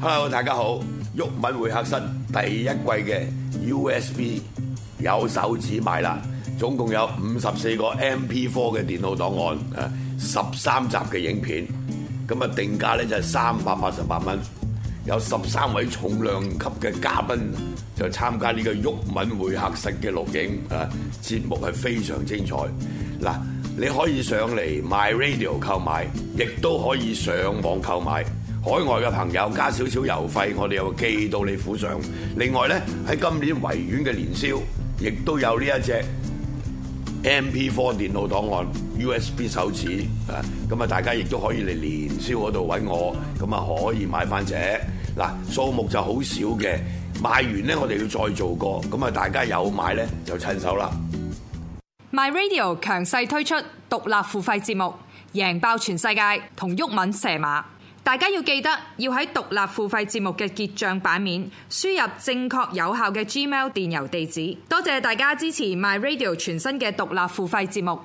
Hello，大家好！毓民會客室第一季嘅 USB 有手指買啦，總共有五十四個 MP4 嘅電腦檔案，誒，十三集嘅影片，咁啊，定價咧就係三百八十八蚊，有十三位重量級嘅嘉賓就參加呢個毓民會客室嘅錄影，誒，節目係非常精彩。嗱，你可以上嚟 My Radio 購買，亦都可以上網購買。海外嘅朋友加少少郵費，我哋又寄到你府上。另外咧，喺今年維園嘅年宵，亦都有呢一隻 M P four 電腦檔案 U S B 手指啊，咁啊，大家亦都可以嚟年宵嗰度搵我，咁啊可以買翻隻嗱，數目就好少嘅，買完咧我哋要再做過，咁啊大家有買咧就趁手啦。My Radio 強勢推出獨立付費節目，贏爆全世界，同郁敏射馬。大家要記得要喺獨立付費節目嘅結帳版面輸入正確有效嘅 Gmail 電郵地址。多謝大家支持 My Radio 全新嘅獨立付費節目。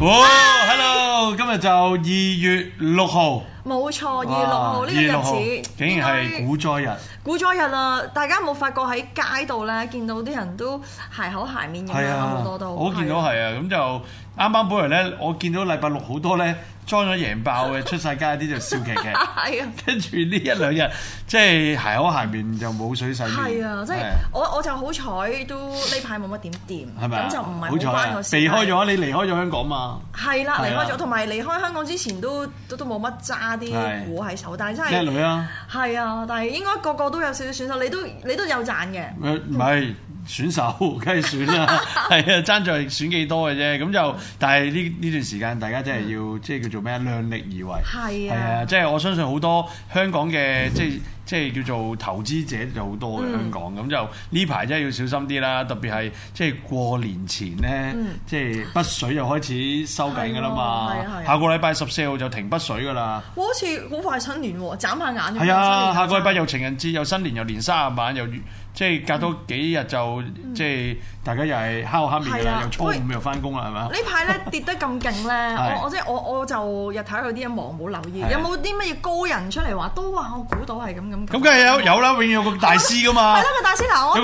哇！就二月六號。冇錯，二月六號呢個日子竟然係股災日，股災日啦！大家有冇發覺喺街度咧，見到啲人都鞋口鞋面有好多都，我見到係啊，咁就啱啱本嚟咧，我見到禮拜六好多咧裝咗贏爆嘅出曬街啲就笑騎騎，跟住呢一兩日即係鞋口鞋面就冇水洗。係啊，即係我我就好彩都呢排冇乜點掂，咁就唔係好關個避開咗，你離開咗香港嘛？係啦，離開咗，同埋離開香港之前都都都冇乜爭。啲股係手，但係真係，係啊，但係應該個個都有少少選手，你都你都有賺嘅。唔係選手，梗係選啊，係啊，爭在選幾多嘅啫。咁就，但係呢呢段時間，大家真係要即係叫做咩？量力而為。係啊，即係我相信好多香港嘅即係。即係叫做投資者就好多嘅香港，咁、嗯、就呢排真係要小心啲啦。特別係即係過年前呢，嗯、即係筆水又開始收緊㗎啦嘛。嗯啊啊啊、下個禮拜十四號就停筆水㗎啦。我、哦、好似好快新年喎，哦，眨下眼就係啊！下個禮拜又情人節，又新年，又年卅晚又。即係隔多幾日就即係大家又係烤黑面啦，又初五又翻工啦，係咪？呢排咧跌得咁勁咧，我即係我我就日睇佢啲嘢，望冇留意，有冇啲乜嘢高人出嚟話都話我估到係咁咁。咁梗係有有啦，永遠有個大師噶嘛。係啦，個大師嗱，我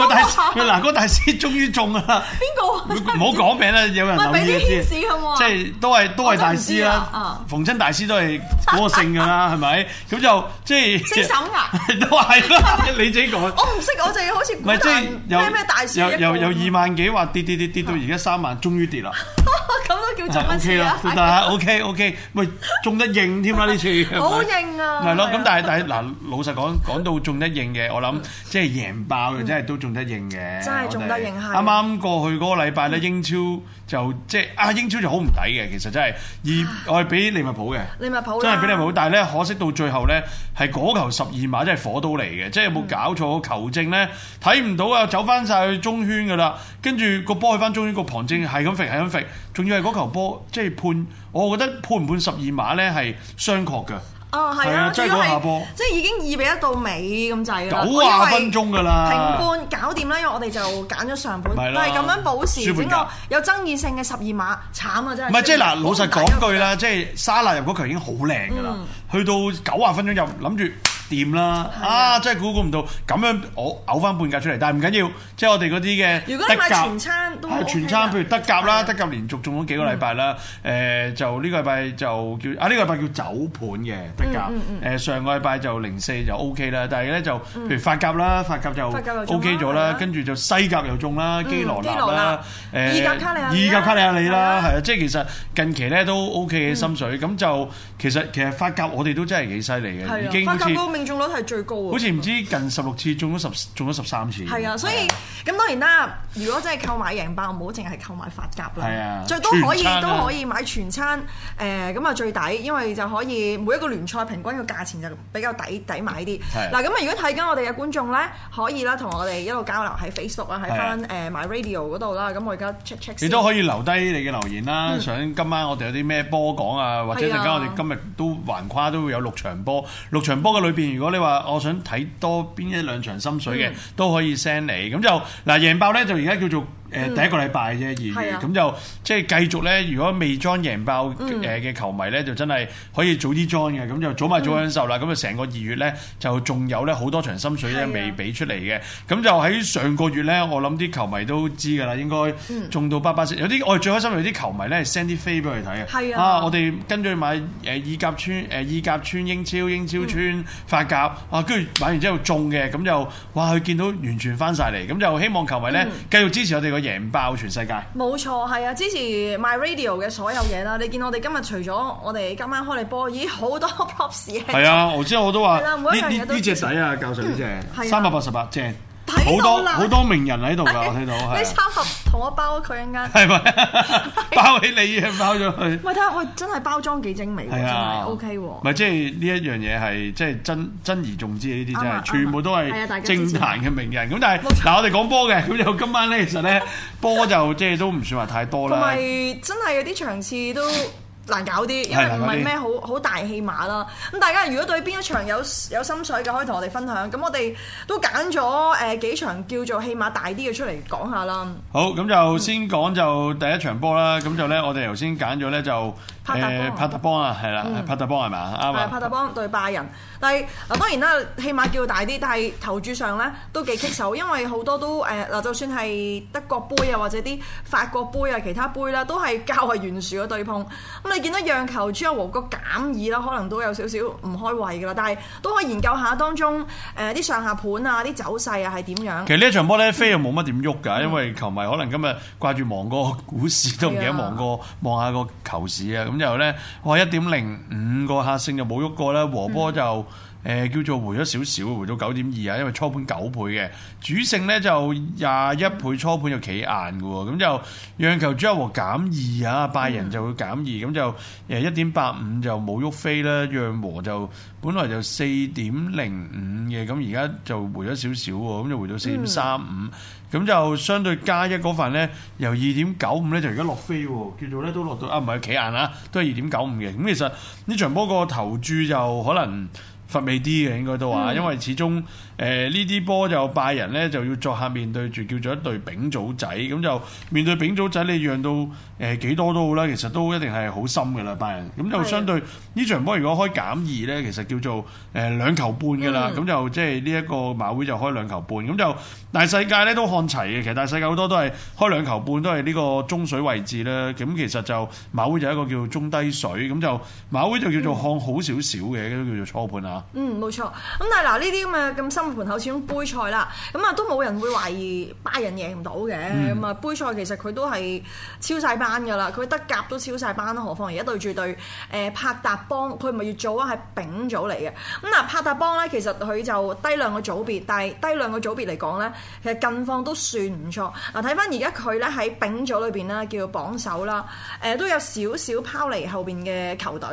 嗱個大師終於中啦。邊個？唔好講名啦，有人留意嘅先。即係都係都係大師啦，逢親大師都係嗰個姓㗎啦，係咪？咁就即係。姓沈呀！都話係啦，你自己講。我唔識，我就要。唔係，即係、即係、咩大事有有，有，有二萬幾話跌跌跌，跌跌跌跌到而家三萬終於跌啦。是的 叫沉乜車咯？嗱，O K O K，咪中得應添啦呢次。好應啊！係咯，咁但係但係嗱，老實講講到中得應嘅，我諗即係贏爆，真係都中得應嘅。真係中得應啱啱過去嗰個禮拜咧，英超就即係啊，英超就好唔抵嘅，其實真係，而我係俾利物浦嘅。利物浦真係俾利物浦，但係咧，可惜到最後咧，係嗰球十二碼真係火到嚟嘅，即係有冇搞錯球證咧？睇唔到啊，走翻晒去中圈噶啦，跟住個波去翻中圈個旁證係咁揈係咁揈，仲要係嗰。球波即係判，我覺得判唔判十二碼咧係商榷噶。哦，係啊，啊，真係講下波，即係已經二比一到尾咁滯，九啊分鐘噶啦，評判搞掂啦，因為我哋就揀咗上半，係咁樣保持整個有爭議性嘅十二碼，慘啊真係。唔係即係嗱，老實講句啦，即係沙拿入嗰球已經好靚噶啦，嗯、去到九啊分鐘入，諗住。掂啦！啊，真係估估唔到咁樣，我嘔翻半價出嚟，但係唔緊要，即係我哋嗰啲嘅。如果買全餐都，係全餐，譬如德甲啦，德甲連續中咗幾個禮拜啦。誒，就呢個禮拜就叫啊，呢個禮拜叫走盤嘅德甲。誒，上個禮拜就零四就 O K 啦，但係咧就譬如法甲啦，法甲就 O K 咗啦，跟住就西甲又中啦，基羅納啦，誒，意甲卡里亞里啦，係啊，即係其實近期咧都 O K 嘅心水，咁就其實其實法甲我哋都真係幾犀利嘅，已經好似。中率係最高喎，好似唔知近十六次中咗十，中咗十三次。係啊，所以咁當然啦。如果真係購買贏爆，唔好淨係購買法甲啦。係啊，最多可以都可以買全餐。誒咁啊，最抵，因為就可以每一個聯賽平均嘅價錢就比較抵抵買啲。係嗱，咁啊，如果睇緊我哋嘅觀眾咧，可以啦，同我哋一路交流喺 Facebook 啊，喺翻誒 My Radio 嗰度啦。咁我而家 check check。你都可以留低你嘅留言啦。想今晚我哋有啲咩波講啊？或者陣間我哋今日都橫跨都會有六場波，六場波嘅裏邊，如果你話我想睇多邊一兩場心水嘅，嗯、都可以 send 你。咁就嗱，贏爆咧就而家叫做。誒、嗯、第一個禮拜啫，二月咁、啊、就即係繼續咧。如果未裝贏爆誒嘅球迷咧，就真係可以早啲裝嘅，咁就早買早享受啦。咁啊、嗯，成個二月咧就仲有咧好多場心水咧未俾出嚟嘅。咁、啊、就喺上個月咧，我諗啲球迷都知㗎啦，應該中到八八四。有啲我哋最開心有啲球迷咧 send 啲飛俾佢哋睇啊！啊，我哋跟住買誒意甲串、誒意甲串、英超英超串法甲啊，跟住買完之後中嘅，咁就哇！佢見到完全翻晒嚟，咁就希望球迷咧繼續支持我哋個、嗯。贏爆全世界！冇錯，係啊！之前 my radio 嘅所有嘢啦， 你見我哋今日除咗我哋今晚開你波，已經好多 props 嘢。係啊，我知，我都話呢呢呢隻仔啊，教授呢隻三百八十八正。好多好多名人喺度噶，我睇到係。呢三盒同我包佢一間，係咪包起你包咗佢？咪睇下，我真係包裝幾精美喎，真係 OK 唔係即係呢一樣嘢係即係真真而重之。呢啲真係，全部都係政壇嘅名人。咁但係嗱，我哋講波嘅，咁就今晚咧其實咧波就即係都唔算話太多啦。同埋真係有啲場次都。難搞啲，因為唔係咩好好大戲碼啦。咁大家如果對邊一場有有心水嘅，可以同我哋分享。咁我哋都揀咗誒幾場叫做戲碼大啲嘅出嚟講下啦。好，咁就先講就第一場波啦。咁就呢，我哋頭先揀咗呢就。誒帕，帕特邦啊，係啦、嗯，帕特邦係咪啊？啱啊！帕特邦對拜仁，但係嗱當然啦，起碼叫大啲，但係投注上咧都幾棘手，因為好多都誒嗱、呃，就算係德國杯啊，或者啲法國杯啊、其他杯啦，都係較為懸殊嘅對碰。咁你見到讓球主要有個減二啦，可能都有少少唔開胃噶啦。但係都可以研究下當中誒啲、呃、上下盤啊、啲走勢啊係點樣。其實呢一場波咧，飛又冇乜點喐㗎，嗯、因為球迷可能今日掛住望個股市都唔記得望個望下個球市啊咁。嗯之後咧，我一點零五個客勝就冇喐過啦，和波就。嗯誒叫做回咗少少，回到九點二啊，因為初盤九倍嘅主勝咧就廿一倍，初盤就企硬嘅喎，咁就讓球主一和減二啊，拜仁就會減二，咁、嗯、就誒一點八五就冇喐飛啦。讓和就本來就四點零五嘅，咁而家就回咗少少喎，咁就回到四點三五，咁就相對加一嗰份咧由二點九五咧就而家落飛喎，叫做咧都落到啊，唔係企硬啦，都係二點九五嘅，咁其實呢場波個投注就可能。乏味啲嘅應該都話，因為始終。誒呢啲波就拜仁咧就要作客面對住叫做一隊丙組仔，咁就面對丙組仔，你讓到誒、呃、幾多都好啦，其實都一定係好深嘅啦，拜仁。咁就相對呢是的 場波如果開減二咧，其實叫做誒兩、呃、球半嘅啦，咁、嗯、就即係呢一個馬會就開兩球半，咁就大世界咧都看齊嘅，其實大世界好多都係開兩球半，都係呢個中水位置啦。咁其實就馬會就一個叫做中低水，咁就馬會就叫做看好少少嘅，都、嗯、叫做初盤啊。嗯，冇錯。咁但係嗱，呢啲咁嘅咁深。盤口始終杯賽啦，咁啊都冇人會懷疑拜仁贏唔到嘅咁啊。嗯、杯賽其實佢都係超晒班噶啦，佢德甲都超晒班啦，何況而家對住對誒帕達邦，佢唔係乙組啊，係丙組嚟嘅咁嗱。帕達邦咧，其實佢就低兩個組別，但係低兩個組別嚟講咧，其實近況都算唔錯嗱。睇翻而家佢咧，喺丙組裏邊咧叫做榜首啦，誒都有少少拋離後邊嘅球隊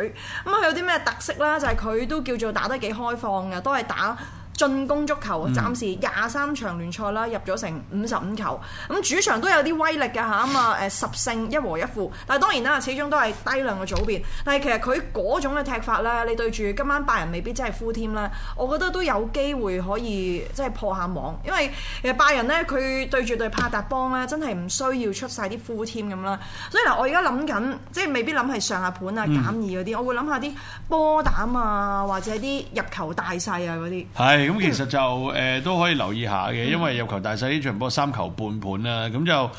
咁啊。佢有啲咩特色啦？就係、是、佢都叫做打得幾開放嘅，都係打。進攻足球暫時廿三場聯賽啦，入咗成五十五球。咁主場都有啲威力嘅嚇啊嘛！誒十勝一和一負，但係當然啦，始終都係低量嘅組別。但係其實佢嗰種嘅踢法咧，你對住今晚拜仁未必真係敷添啦。我覺得都有機會可以即係破下網，因為其實拜仁呢，佢對住對帕達邦咧，真係唔需要出晒啲敷添咁啦。所以嗱，我而家諗緊，即係未必諗係上下盤啊、減二嗰啲，嗯、我會諗下啲波膽啊，或者啲入球大細啊嗰啲。咁其實就誒都可以留意下嘅，因為入球大細呢場波三球半盤啦，咁就誒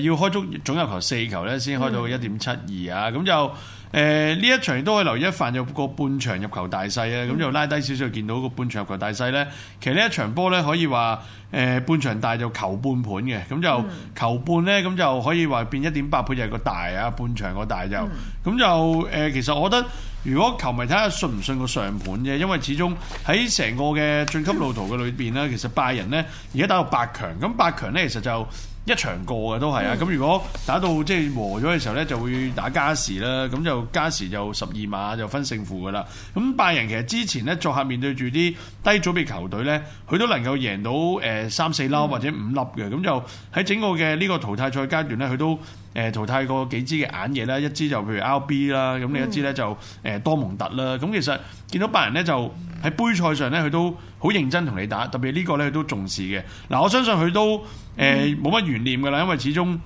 要開足總入球四球咧，先開到一點七二啊，咁就。誒呢一場亦都可以留意一翻有個半場入球大細啊，咁就、嗯、拉低少少，見到個半場入球大細呢其實呢一場波呢，可以話誒半場大就球半盤嘅，咁就、嗯、球半呢，咁就可以話變一點八倍就係個大啊，半場個大就咁就誒。嗯嗯、其實我覺得如果球迷睇下信唔信個上盤啫，因為始終喺成個嘅晉級路途嘅裏邊呢，嗯、其實拜仁呢而家打到八強，咁八強呢，其實就。一場過嘅都係啊，咁、嗯、如果打到即係、就是、和咗嘅時候呢，就會打加時啦。咁就加時就十二碼就分勝負㗎喇。咁拜仁其實之前呢，作客面對住啲低組別球隊呢，佢都能夠贏到誒三四粒或者五粒嘅。咁、嗯、就喺整個嘅呢個淘汰賽階段呢，佢都。誒淘汰過幾支嘅硬嘢啦，一支就譬如 LB 啦，咁另一支咧就誒多蒙特啦。咁、嗯、其實見到白人咧，就喺杯賽上咧，佢都好認真同你打，特別呢個咧，佢都重視嘅。嗱，我相信佢都誒冇乜懸念㗎啦，因為始終。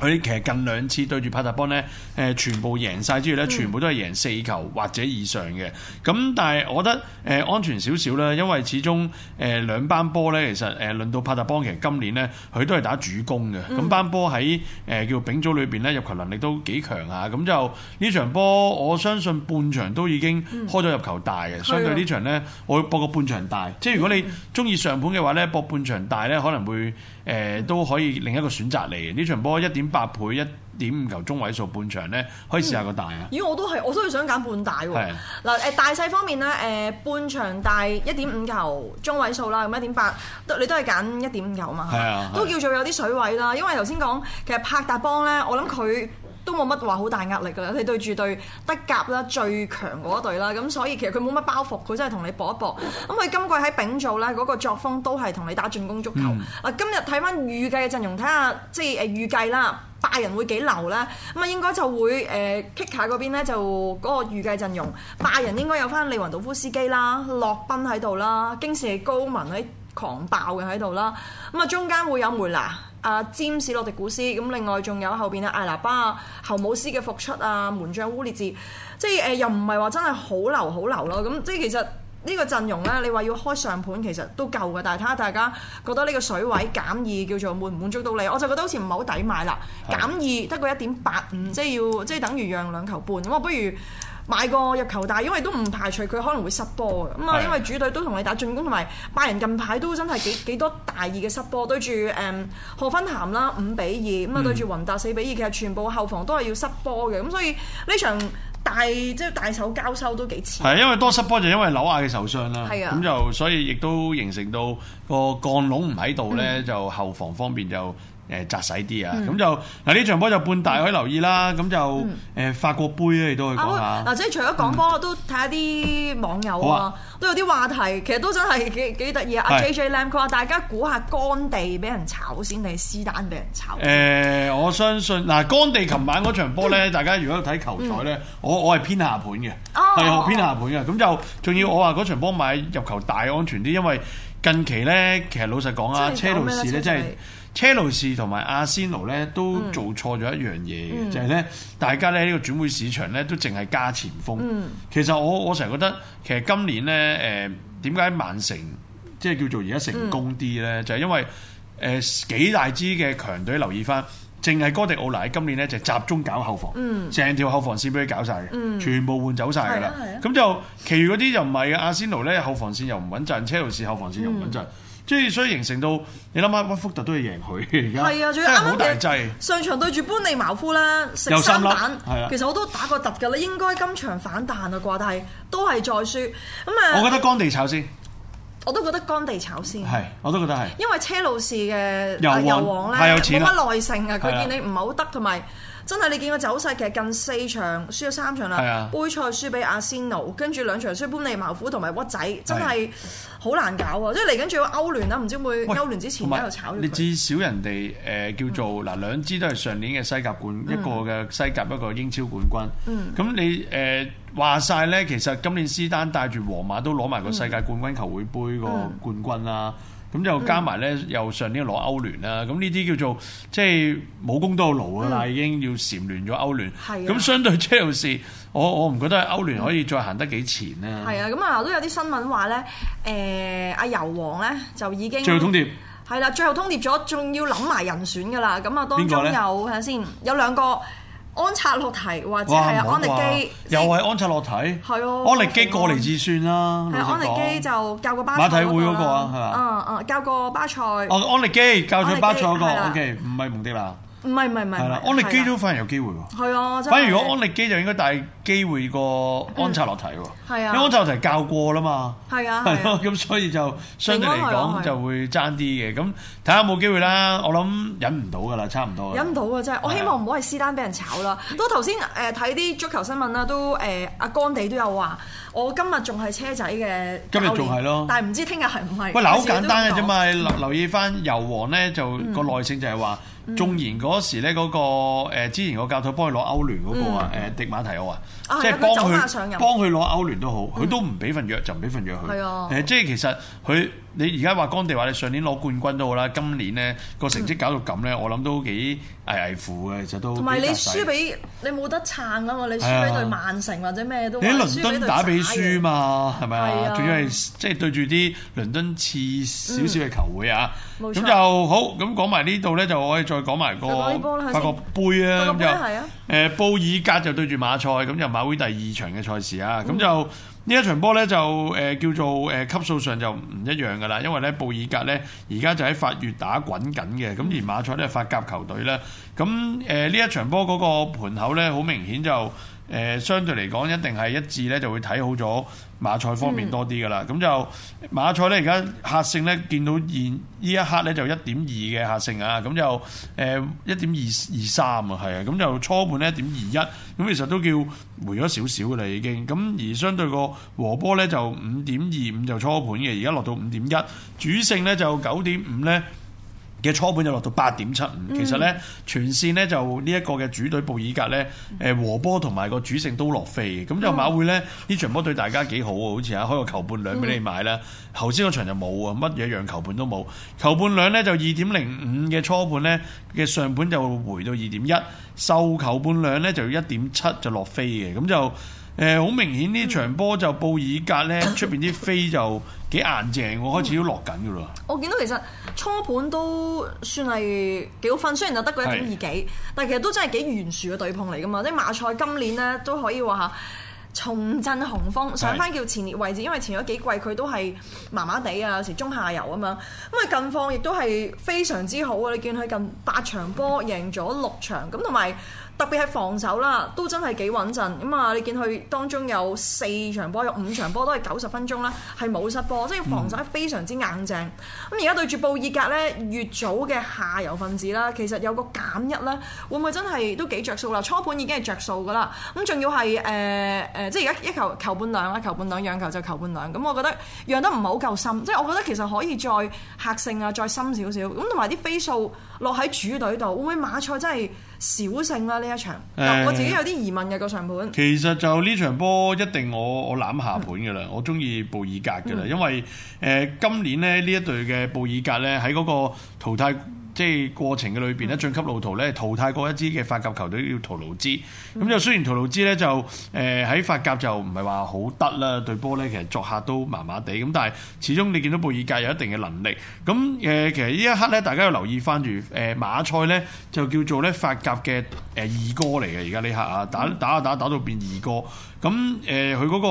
佢其實近兩次對住帕特邦咧，誒全部贏晒之餘咧，全部都係贏四球或者以上嘅。咁、嗯、但係我覺得誒安全少少啦，因為始終誒兩班波咧，其實誒輪到帕特邦，其實今年咧佢都係打主攻嘅。咁、嗯、班波喺誒叫做丙組裏邊咧，入球能力都幾強啊。咁就呢場波我相信半場都已經開咗入球大嘅，相，嗯、對場呢場咧，嗯、我會搏個半場大。即係如果你中意上盤嘅話咧，搏半場大咧可能會誒、呃、都可以另一個選擇嚟嘅。呢場波一點。八倍一點五球中位數半場咧，可以試下個大啊！如果、嗯、我都係，我都係想揀半的大喎。係嗱，誒大細方面咧，誒半場大一點五球中位數啦，咁一點八，你都係揀一點五球嘛？係啊，都叫做有啲水位啦。因為頭先講，其實柏達邦咧，我諗佢。都冇乜話好大壓力㗎啦，你對住對德甲啦，最強嗰一隊啦，咁所以其實佢冇乜包袱，佢真係同你搏一搏。咁佢今季喺丙組咧嗰個作風都係同你打進攻足球。啊、嗯，今日睇翻預計嘅陣容，睇下即係誒、呃、預計啦，拜仁會幾流咧咁啊，應該就會誒 Kicker 嗰邊咧就嗰個預計陣容，拜仁應該有翻利雲道夫斯基啦、洛賓喺度啦、京士利高文喺狂爆嘅喺度啦，咁啊，中間會有梅拿啊、詹士、洛迪古斯，咁另外仲有後邊啊艾拿巴啊、侯姆斯嘅復出啊、門將烏列治，即係誒、呃、又唔係話真係好流好流咯，咁即係其實呢個陣容咧，你話要開上盤其實都夠嘅，但係睇下大家覺得呢個水位減二叫做滿唔滿足到你？我就覺得好似唔係好抵買啦，是的 減二得個一點八五，即係要即係等於讓兩球半，咁我不如，買個入球大，因為都唔排除佢可能會失波嘅。咁啊的，因為主隊都同你打進攻同埋拜仁近排都真係幾幾多大意嘅失波，對住誒賀芬咸啦五比二、嗯，咁啊對住雲達四比二，其實全部後防都係要失波嘅。咁所以呢場大即係大，大手交收都幾似。係因為多失波就因為紐亞嘅受傷啦。係啊的，咁就所以亦都形成到個鋼龍唔喺度咧，嗯、就後防方面就。誒窄細啲啊，咁就嗱呢場波就半大可以留意啦。咁就誒法國杯咧，亦都可以講下。嗱，即係除咗講波，我都睇下啲網友啊，都有啲話題，其實都真係幾幾得意啊。阿 J J Lam 佢話：大家估下乾地俾人炒先定斯丹俾人炒？誒，我相信嗱乾地，琴晚嗰場波咧，大家如果睇球賽咧，我我係偏下盤嘅，係偏下盤嘅。咁就仲要我話嗰場波買入球大安全啲，因為近期咧，其實老實講啊，車路士咧真係。車路士同埋阿仙奴咧都做錯咗一樣嘢嘅，嗯、就係咧大家咧喺呢個轉會市場咧都淨係加前鋒、嗯。其實我我成日覺得其實今年咧誒點解曼城即係叫做而家成功啲咧，嗯、就係因為誒、呃、幾大支嘅強隊留意翻，淨係哥迪奧拿今年咧就集中搞後防，成、嗯、條後防線俾佢搞晒，嘅、嗯，全部換走晒噶啦。咁、嗯啊啊、就其餘嗰啲就唔係嘅。阿仙奴咧後防線又唔穩陣，車路士後防線又唔穩陣。嗯即係所以形成到，你諗下，屈福特都要贏佢而家，啊，真係好大劑。上場對住般尼茅夫啦，食三蛋，係啊、其實我都打個突㗎啦，應該今場反彈啊啩，但係都係再輸。咁啊，我覺得乾地炒先，我都覺得乾地炒先，係、啊、我都覺得係，因為車路士嘅遊，玩油王咧冇乜耐性啊，佢見你唔係好得同埋。真係你見過走勢，嘅近四場輸咗三場啦。是的 杯賽輸俾阿仙奴，跟住兩場輸般尼茅夫同埋屈仔，是的 真係好難搞啊！即係嚟緊仲有歐聯啦，唔喂知會歐聯之前喺度有炒你至少人哋誒、呃、叫做嗱兩支都係上年嘅西甲冠、嗯、一個嘅西甲一個英超冠軍。咁、嗯、你誒話晒咧，其實今年施丹帶住皇馬都攞埋個世界冠軍球會杯個冠軍啦。嗯嗯嗯。咁就加埋咧，又上年攞歐聯啦，咁呢啲叫做即係冇功都勞㗎啦，已經要蟬聯咗歐聯，咁相對即係車路士我我唔覺得歐聯可以再行得幾前啦。係啊，咁啊都有啲新聞話咧，誒阿油王咧就已經最後通牒係啦，最後通牒咗，仲要諗埋人選㗎啦。咁啊當中有係咪先有兩個？安察洛提或者係安力基，又係安察洛提，係。哦，安力基過嚟至算啦，係安力基就教過馬體會嗰個啊，係啊，嗯嗯，教過巴塞、那個，哦安力基教咗巴塞嗰個，OK，唔係了蒙迪啦。唔係唔係唔係，係啦，安力基都反而有機會喎。係啊，反而如果安力基就應該大機會過安查洛提喎。係啊，因為安查洛提教過啦嘛。係啊。係咯，咁所以就相對嚟講就會爭啲嘅。咁睇下有冇機會啦。我諗忍唔到㗎啦，差唔多。忍唔到啊！真係，我希望唔好係施丹俾人炒啦。都頭先誒睇啲足球新聞啦，都誒阿干地都有話。我今日仲係車仔嘅，今日仲係咯，但係唔知聽日係唔係？喂，嗱，好簡單嘅啫嘛，留留意翻油王咧，就個耐性就係話，縱然嗰時咧，嗰個之前個教頭幫佢攞歐聯嗰個啊，誒迪馬提奧啊，即係幫佢幫佢攞歐聯都好，佢都唔俾份約，就唔俾份約佢。係啊，誒，即係其實佢。你而家話乾地話你上年攞冠軍都好啦，今年咧個成績搞到咁咧，我諗都幾危危乎嘅，其實都同埋你輸俾你冇得撐啊嘛，你輸俾對曼城或者咩都你喺倫敦打比輸嘛，係咪啊？仲要係即係對住啲倫敦次少少嘅球會啊，咁就好。咁講埋呢度咧，就可以再講埋個法國杯啊。咁就係啊，誒，布爾格就對住馬賽，咁就馬會第二場嘅賽事啊，咁就。呢一場波咧就誒、呃、叫做誒、呃、級數上就唔一樣㗎啦，因為咧布爾格咧而家就喺法乙打滾緊嘅，咁而馬賽咧法甲球隊咧，咁誒呢一場波嗰個盤口咧好明顯就。誒相對嚟講，一定係一致咧，就會睇好咗馬賽方面多啲噶啦。咁就、嗯、馬賽咧，而家客勝咧，見到現依一刻咧就一點二嘅客勝啊。咁就誒一點二二三啊，係啊。咁就初盤咧一點二一，咁其實都叫回咗少少啦，已經。咁而相對個和波咧就五點二五就初盤嘅，而家落到五點一主勝咧就九點五咧，嘅初盤就落到八點七五，其實呢，全線呢就呢一個嘅主隊布爾格呢，誒和波同埋個主勝都落飛嘅，嗯，咁就馬會呢，呢場波對大家幾好喎，好似啊開個球半兩俾你買啦，頭先個場就冇啊，乜嘢讓球盤都冇，球半兩呢，就二點零五嘅初盤呢，嘅上盤就回到二點一，受球半兩呢，就一點七就落飛嘅，咁就。誒，好、呃、明顯呢場波就布爾格咧，出邊啲飛就幾硬淨，我開始都落緊噶啦、嗯。我見到其實初盤都算係幾好分，雖然就得個一點二幾，但係其實都真係幾懸殊嘅對碰嚟噶嘛。即馬賽今年咧都可以話重振雄風，上返叫前列位置，因為前咗幾季佢都係麻麻地啊，有時中下游咁樣。咁啊近況亦都係非常之好啊！你見佢近八場波贏咗六場，咁同埋，特別係防守啦，都真係幾穩陣咁啊！你見佢當中有四場波，有五場波都係九十分鐘啦，係冇失波，即係防守非常之硬淨。咁而家對住布爾格呢，越早嘅下游分子啦，其實有個減一咧，會唔會真係都幾着數啦？初盤已經係着數噶啦，咁仲要係誒誒，即係而家一球球半兩啦，球半兩讓球，球就球半兩，咁我覺得讓得唔係好夠深，即係我覺得其實可以再客勝啊，再深少少。咁同埋啲飛數落喺主隊度，會唔會馬賽真係？小勝啦呢一場，欸、我自己有啲疑問嘅個上盤。其實就呢場波一定我我攬下盤㗎喇，嗯、我鍾意布爾格㗎喇，嗯、因為誒、呃、今年咧呢一隊嘅布爾格咧喺嗰個淘汰。即係過程嘅裏邊咧，晉級路途咧淘汰過一支嘅法甲球隊叫圖盧茲，咁就雖然圖盧茲咧就誒喺、呃、法甲就唔係話好得啦，對波咧其實作客都麻麻地，咁但係始終你見到貝爾界有一定嘅能力，咁誒、呃、其實呢一刻咧，大家要留意翻住誒馬賽咧就叫做咧法甲嘅誒、呃、二哥嚟嘅，而家呢刻啊打打打打到變二哥。咁誒，佢嗰、呃嗰個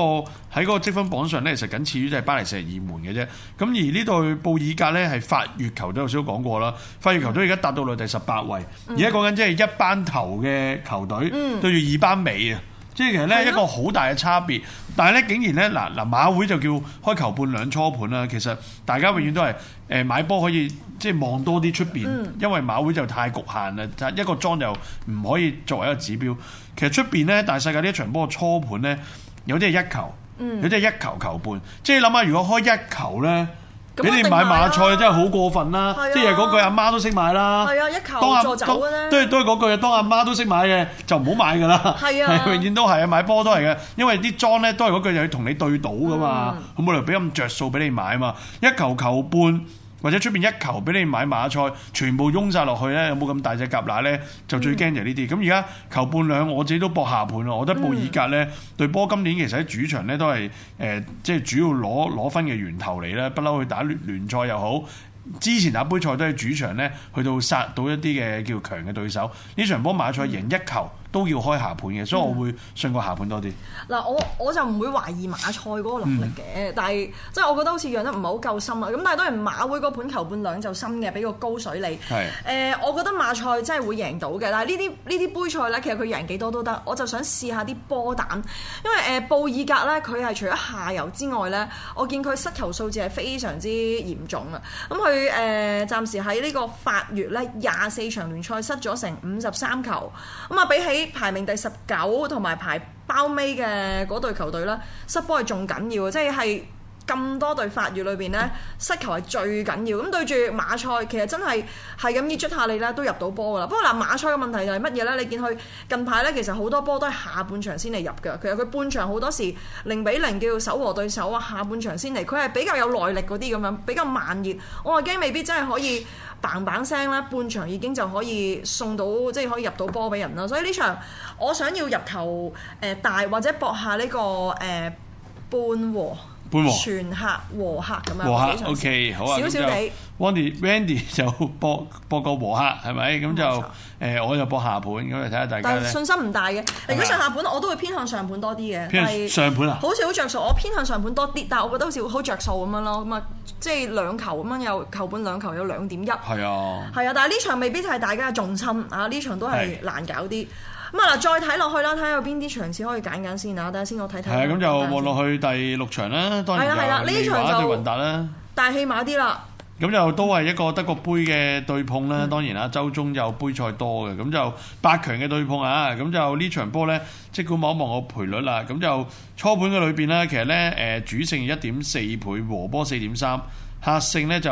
喺嗰個積分榜上咧，其實僅次於即係巴黎聖日耳門嘅啫。咁而呢隊布爾格咧，係法乙球隊都有少講過啦。法乙球都而家達到嚟第十八位，而家講緊即係一班頭嘅球隊、嗯、對住二班尾啊！即係其實咧一個好大嘅差別，的但係咧竟然咧嗱嗱馬會就叫開球半兩初盤啦，其實大家永遠都係誒、呃、買波可以即係望多啲出邊，嗯、因為馬會就太局限啦，就一個莊又唔可以作為一個指標。其實出邊咧大世界呢一場波初盤咧有啲係一球，有啲係一球球半，嗯、即係你諗下如果開一球咧。俾你買馬賽真係好過分啦，啊、即係嗰句阿媽，媽都識買啦。係啊，一球坐走嘅咧，都係都係嗰句，當阿媽，媽都識買嘅就唔好買噶啦。係啊，永遠都係啊，買波都係嘅，因為啲莊咧都係嗰句要同你對賭噶嘛，冇、嗯、理由俾咁着數俾你買嘛，一球球半。或者出面一球俾你買馬賽，全部擁晒落去咧，有冇咁大隻夾乸咧？就最驚就呢啲。咁而家球半兩，我自己都搏下盤咯。我覺得布爾格咧、嗯、對波今年其實喺主場咧都係誒，即、呃、係、就是、主要攞攞分嘅源頭嚟啦，不嬲去打聯賽又好，之前打杯賽都喺主場咧，去到殺到一啲嘅叫強嘅對手。呢場波馬賽贏一球。嗯嗯都要開下盤嘅，所以我會信個下盤多啲。嗱、嗯，我我就唔會懷疑馬賽嗰個能力嘅，嗯、但係即係我覺得好似讓得唔係好夠深啊。咁但係當然馬會嗰盤球半兩就深嘅，俾個高水利。係是。誒、呃，我覺得馬賽真係會贏到嘅。但係呢啲呢啲杯賽咧，其實佢贏幾多都得。我就想試下啲波膽，因為誒、呃、布爾格咧，佢係除咗下游之外咧，我見佢失球數字係非常之嚴重啊。咁佢誒暫時喺呢個法甲咧，廿四場聯賽失咗成五十三球。咁啊，比起排名第十九同埋排包尾嘅嗰隊球隊啦，失波係仲緊要啊，即係。咁多對法語裏邊呢，失球係最緊要。咁、嗯、對住馬賽，其實真係係咁攣捽下你呢，都入到波噶啦。不過嗱，馬賽嘅問題就係乜嘢呢？你見佢近排呢，其實好多波都係下半場先嚟入㗎。其實佢半場好多時零比零叫守和對手啊，下半場先嚟。佢係比較有耐力嗰啲咁樣，比較慢熱。我話驚未必真係可以棒棒聲啦，半場已經就可以送到，即、就、係、是、可以入到波俾人啦。所以呢場我想要入球誒、呃、大，或者搏下呢、這個誒、呃、半和。全客和客咁樣，O K，好啊，少少哋 Wendy，Wendy 就博博個和客，係咪？咁就誒，我就博下盤，咁你睇下大家。但信心唔大嘅，如果上下盤，我都會偏向上盤多啲嘅。偏上盤啊？好似好着數，我偏向上盤多啲，但係我覺得好似好着數咁樣咯。咁啊，即係兩球咁樣，有球半兩球有兩點一。係啊。係啊，但係呢場未必就係大家嘅重心啊！呢場都係難搞啲。咁啊再睇落去啦，睇下有邊啲場次可以揀揀先啊！等下先我睇睇。係咁就望落去第六場啦。當然，係啦係啦，呢場就對雲達啦，大戲碼啲啦。咁就都係一個德國杯嘅對碰啦。當然啦，周中就杯賽多嘅，咁就八強嘅對碰啊。咁就場呢場波咧，即管望一望我賠率啦。咁就初盤嘅裏邊咧，其實咧誒主勝一點四倍，和波四點三。客勝呢就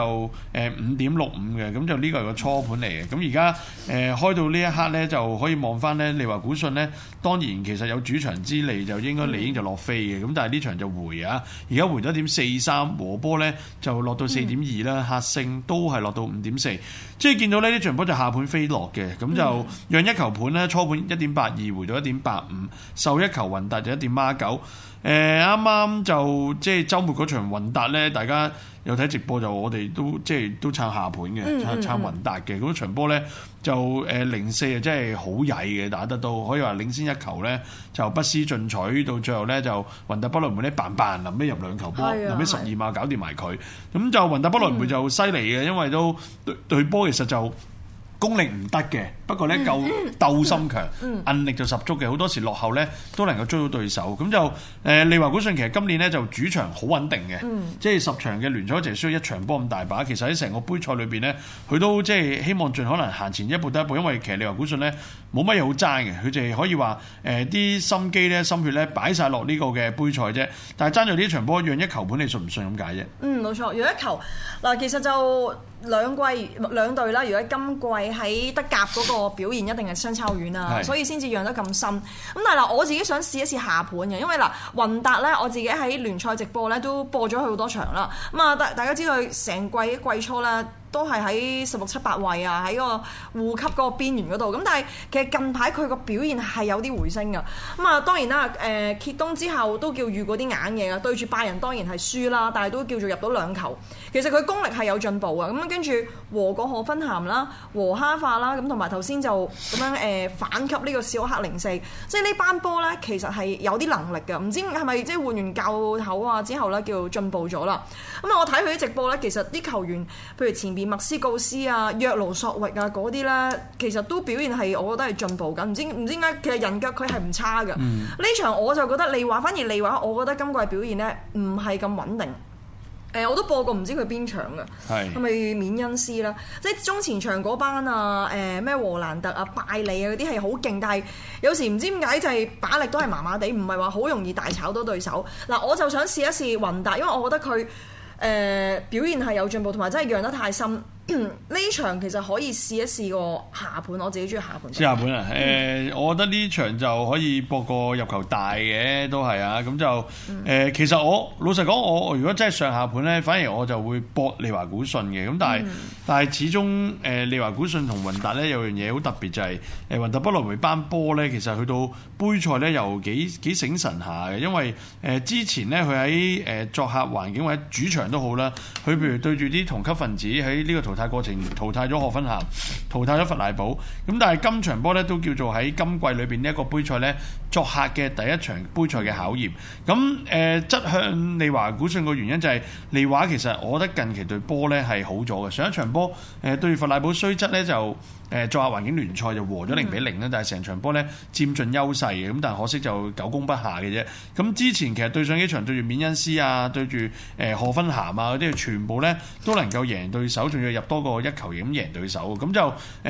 誒五點六五嘅，咁就呢個係個初盤嚟嘅。咁而家誒開到呢一刻呢，就可以望翻呢利華古遜呢。當然其實有主場之利，就應該理應就落飛嘅。咁、嗯、但係呢場就回啊，而家回咗一點四三，和波呢，就落到四點二啦。客勝都係落到五點四，即係見到呢呢場波就下盤飛落嘅，咁、嗯、就讓一球盤呢，初盤一點八二，回到一點八五，受一球雲達就一點孖九。誒啱啱就即係週末嗰場雲達咧，大家有睇直播就我哋都即係都撐下盤嘅，嗯嗯撐撐雲達嘅嗰場波咧就誒、呃、零四啊，真係好曳嘅打得到，可以話領先一球咧就不思進取，到最後咧就雲達不萊梅咧扮扮，臨尾入兩球波，臨尾十二碼搞掂埋佢，咁是、啊、就雲達不萊梅就犀利嘅，因為都對對波其實就功力唔得嘅。不過咧夠鬥心強，嗯嗯、韌力就十足嘅，好多時落後咧都能夠追到對手。咁就誒、呃、利華古信其實今年咧就主場好穩定嘅，嗯、即係十場嘅聯賽就係輸一場波咁大把。其實喺成個杯賽裏邊咧，佢都即係希望盡可能行前一步得一步。因為其實利華古信咧冇乜嘢好爭嘅，佢就係可以話誒啲心機咧、心血咧擺晒落呢個嘅杯賽啫。但係爭咗呢一場波，讓一球盤，你信唔信咁解啫？嗯，冇錯，讓一球嗱。其實就兩季兩隊啦，如果今季喺德甲嗰、那個。個表現一定係相差好遠啊，是的 所以先至養得咁深。咁但係嗱，我自己想試一試下盤嘅，因為嗱，雲達咧，我自己喺聯賽直播咧都播咗佢好多場啦。咁啊，大大家知道佢成季季初咧。都係喺十六七八位啊，喺個護級個邊緣度。咁但係其實近排佢個表現係有啲回升嘅。咁啊，當然啦，誒、呃、揭東之後都叫遇過啲硬嘢啊。對住拜仁當然係輸啦，但係都叫做入到兩球。其實佢功力係有進步啊，咁啊，跟住和果可芬咸啦，和哈化啦，咁同埋頭先就咁樣誒、呃、反擊呢個小黑零四，即係呢班波咧其實係有啲能力嘅。唔知係咪即係換完教頭啊之後咧叫進步咗啦？咁啊，我睇佢啲直播咧，其實啲球員譬如前邊。麥斯告斯啊，約魯索維啊，嗰啲咧，其實都表現係，我覺得係進步緊。唔知唔知點解，其實人腳佢係唔差噶。呢、嗯、場我就覺得利華，反而利華，我覺得今季表現咧唔係咁穩定。誒、呃，我都播過唔知佢邊場噶，係咪緬恩斯啦？即係中前場嗰班啊，誒、呃、咩？荷蘭特啊，拜利啊嗰啲係好勁，但係有時唔知點解就係把力都係麻麻地，唔係話好容易大炒到對手。嗱、呃，我就想試一試雲達，因為我覺得佢。誒、呃、表現係有進步，同埋真係讓得太深。呢場其實可以試一試個下盤，我自己中意下盤。試下盤啊？誒、嗯呃，我覺得呢場就可以搏個入球大嘅，都係啊。咁就誒，其實我老實講，我我如果真係上下盤咧，反而我就會搏利華古信嘅。咁但係、嗯、但係始終誒，利華古信同雲達咧有樣嘢好特別，就係誒，雲達不羅梅班波咧，其實去到杯賽咧又幾幾醒神下嘅，因為誒之前咧佢喺誒作客環境或者主場都好啦，佢譬如對住啲同級分子喺呢個同。淘汰過程，淘汰咗賀芬咸，淘汰咗佛萊堡，咁但係今場波咧都叫做喺今季裏邊呢一個杯賽咧作客嘅第一場杯賽嘅考驗。咁誒，質、呃、向利華古遜嘅原因就係、是、利華其實我覺得近期對波咧係好咗嘅。上一場波誒對佛萊堡雖則咧就。誒作下環境聯賽就和咗零比零咧、嗯，但係成場波咧佔盡優勢嘅，咁但係可惜就久攻不下嘅啫。咁之前其實對上幾場對住緬恩斯啊，對住誒、呃、賀芬咸啊嗰啲，全部咧都能夠贏對手，仲要入多個一球型咁贏對手。咁就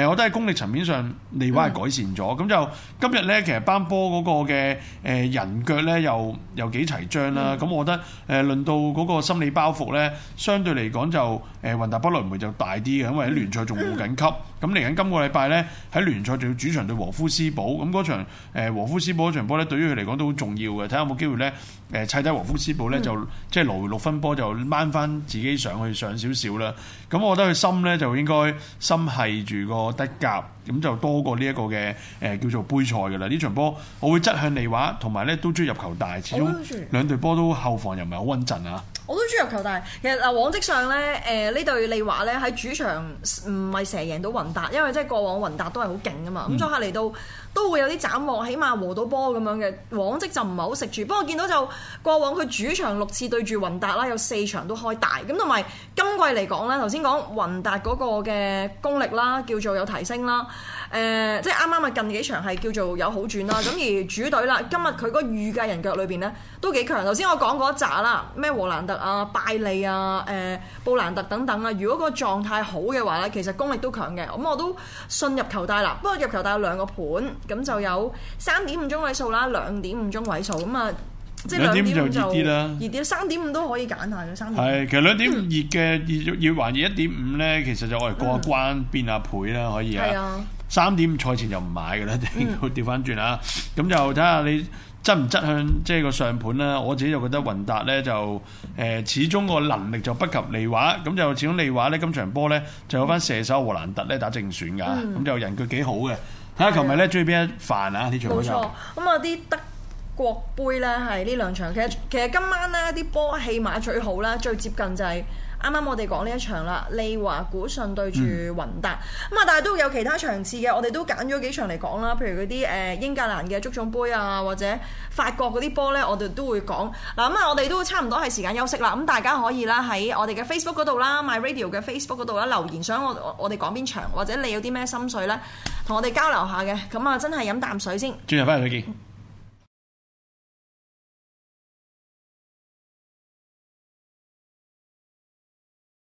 誒，我覺得喺功力層面上你話係改善咗。咁、嗯、就今日咧，其實班波嗰個嘅誒人腳咧又又幾齊張啦、啊。咁、嗯、我覺得誒，論到嗰個心理包袱咧，相對嚟講就誒、呃、雲達不萊梅就大啲嘅，因為喺聯賽仲冇緊急。咁嚟緊今個禮拜咧，喺聯賽就要主場對和夫斯堡，咁嗰場、呃、和夫斯堡嗰場波咧，對於佢嚟講都好重要嘅，睇下有冇機會咧誒砌低和夫斯堡咧，就即係攞回六分波，就掹翻自己上去上少少啦。咁我覺得佢心咧就應該心係住個德甲，咁就多過呢一個嘅誒、呃、叫做杯賽噶啦。呢場波我會側向利華，同埋咧都中意入球大，始終兩隊波都後防又唔係好穩陣啊。好多豬肉球，但係其實啊往績上咧，誒、呃、呢對利華咧喺主場唔係成日贏到雲達，因為即係過往雲達都係好勁噶嘛。咁作、嗯、客嚟到都會有啲斬獲，起碼和到波咁樣嘅往績就唔係好食住。不過見到就過往佢主場六次對住雲達啦，有四場都開大咁，同埋今季嚟講咧，頭先講雲達嗰個嘅功力啦，叫做有提升啦。誒、呃，即係啱啱啊！近幾場係叫做有好轉啦。咁 而主隊啦，今日佢個預計人腳裏邊咧都幾強。頭先我講過一紮啦，咩和蘭特啊、拜利啊、誒、呃、布蘭特等等啊，如果個狀態好嘅話咧，其實功力都強嘅。咁我都信入球大啦。不過入球大有兩個盤，咁就有三點五中位數啦，兩點五中位數咁啊。即兩點就熱啲三點五都可以揀下嘅。三點係其實兩點五熱嘅，熱熱還熱一點五咧，其實,、嗯、5, 其實就我嚟過一關，變一、嗯、倍啦，可以啊。三點五賽前就唔買嘅咧，定要調翻轉啊？咁就睇下你執唔執向即係個上盤咧。我自己就覺得雲達咧就誒、呃、始終個能力就不及利華。咁就始終利華咧今場波咧就有翻射手荷蘭特咧打正選㗎。咁就、嗯、人腳幾好嘅。睇下琴日咧中意邊一範啊？呢場冇錯？咁啊啲德國杯咧係呢兩場，其實其實今晚咧啲波起碼最好啦，最接近就係、是。啱啱我哋講呢一場啦，利華古遜對住雲達咁啊，嗯、但係都有其他場次嘅，我哋都揀咗幾場嚟講啦。譬如嗰啲誒英格蘭嘅足總杯啊，或者法國嗰啲波呢，我哋都會講嗱。咁啊，我哋都差唔多係時間休息啦。咁大家可以啦喺我哋嘅 Facebook 嗰度啦，My Radio 嘅 Facebook 嗰度啦留言，想我我哋講邊場，或者你有啲咩心水呢，同我哋交流下嘅。咁啊，真係飲啖水先。轉頭翻嚟再見。